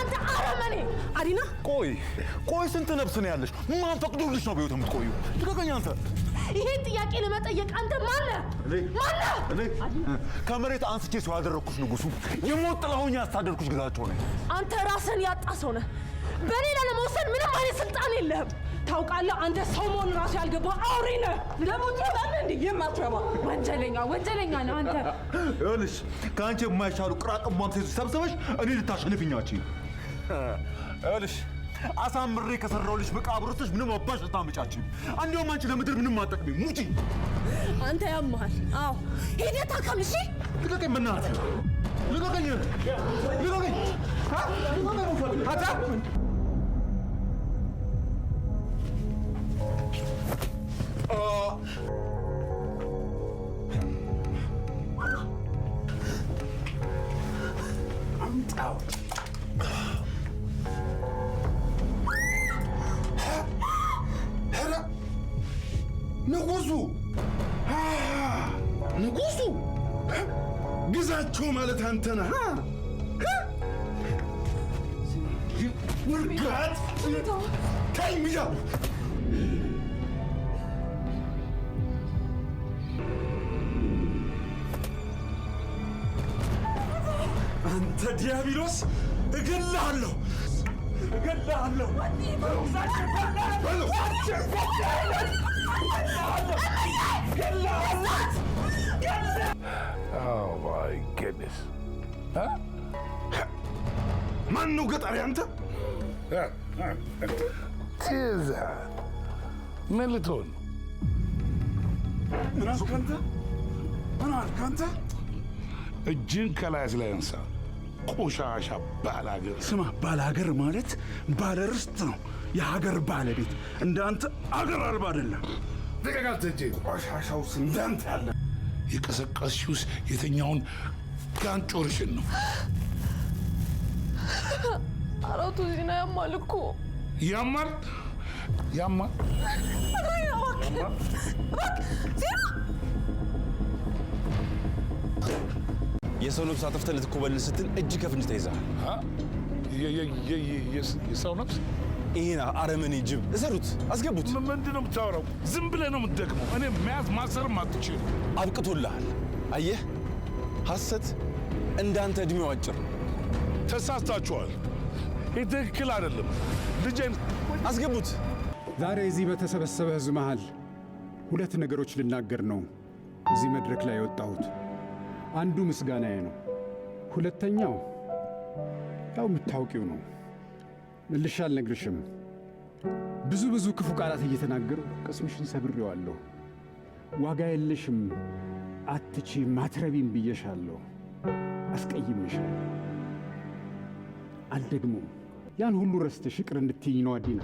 አንተ አረመኔ! አዲና ቆይ ቆይ፣ ስንት ነፍስ ነው ያለሽ? ማን ፈቅዶልሽ ነው በህይወት የምትቆዩ? ልቀቀኝ አንተ! ይሄን ጥያቄ ለመጠየቅ አንተ ማነህ? ማነህ? ከመሬት አንስቼ ሰው ያደረግኩሽ ንጉሱ፣ የሞት ጥላሁኝ ያስታደርኩሽ ግዛቸው ነኝ። አንተ ራስን ያጣ ሰው ነህ። በሌላ ለመውሰድ ምንም አይነት ስልጣን የለህም። ታውቃለህ? አንተ ሰው መሆን ራሱ ያልገባህ አውሬ ነህ። ለሞት ይጣል እንዴ የማትረባ ወንጀለኛ ወንጀለኛ ነህ አንተ። ይኸውልሽ ከአንቺ የማይሻሉ ቅራቅንቧን ሴቶች ሰብስበሽ እኔ ልታሸንፍኛች። ይኸውልሽ አሳምሬ ከሰራሁልሽ መቃብር ውስጥ ምንም አባሽ ልታመጫች። እንዲሁም አንቺ ለምድር ምንም አጠቅሚ ሙጪ አንተ ያመሃል። አዎ ሂደህ ታከም። እሺ ልቀቀኝ፣ በእናትህ ልቀቀኝ፣ ልቀቀኝ፣ ልቀቀኝ። out. ንጉሱ ንጉሱ ግዛቸው ማለት አንተ ነህ። ውርጋት ተይ ሚዳ أنت ديابيلوس اقلعله اقلعله اوه ماي جودنس ها؟ منو قطر يا انت؟ ها انت تزهى من اللي تون؟ انا عارف انت؟ انا عارف انت؟ الجن كلاس لا ينسى ቆሻሻ ባላገር። ስማ፣ ባላገር ማለት ባለርስት ነው፣ የሀገር ባለቤት። እንዳንተ አገር አልባ አይደለም። ደቀቃት እጅ ቆሻሻውስ እንዳንተ ያለ የቀሰቀስሽውስ የተኛውን ጋንጮርሽን ነው። አራቱ ዜና ያማል እኮ ያማል፣ ያማል፣ ያማል ያማል ዜና የሰው ነፍስ አጥፍተህ ልትኮበልል ስትል እጅ ከፍንጅ ተይዘሃል። የሰው ነፍስ ይህን አረመኔ ጅብ እሰሩት፣ አስገቡት። ምንድን ነው የምታወራው? ዝም ብለህ ነው የምትደግመው። እኔ መያዝ ማሰርም አትችል። አብቅቶልሃል። አየህ፣ ሐሰት እንዳንተ እድሜው አጭር። ተሳስታችኋል። ይህ ትክክል አይደለም። ልጄን አስገቡት። ዛሬ እዚህ በተሰበሰበ ህዝብ መሃል ሁለት ነገሮች ልናገር ነው እዚህ መድረክ ላይ የወጣሁት። አንዱ ምስጋናዬ ነው። ሁለተኛው ያው የምታውቂው ነው። መልሼ አልነግርሽም። ብዙ ብዙ ክፉ ቃላት እየተናገሩ ቅስምሽን ሰብሬዋለሁ። ዋጋ የለሽም፣ አትቺ፣ አትረቢም ብዬሻለሁ። አስቀይሜሻለሁ። አልደግሞም። ያን ሁሉ ረስተሽ ይቅር እንድትይኝ ነው አዲና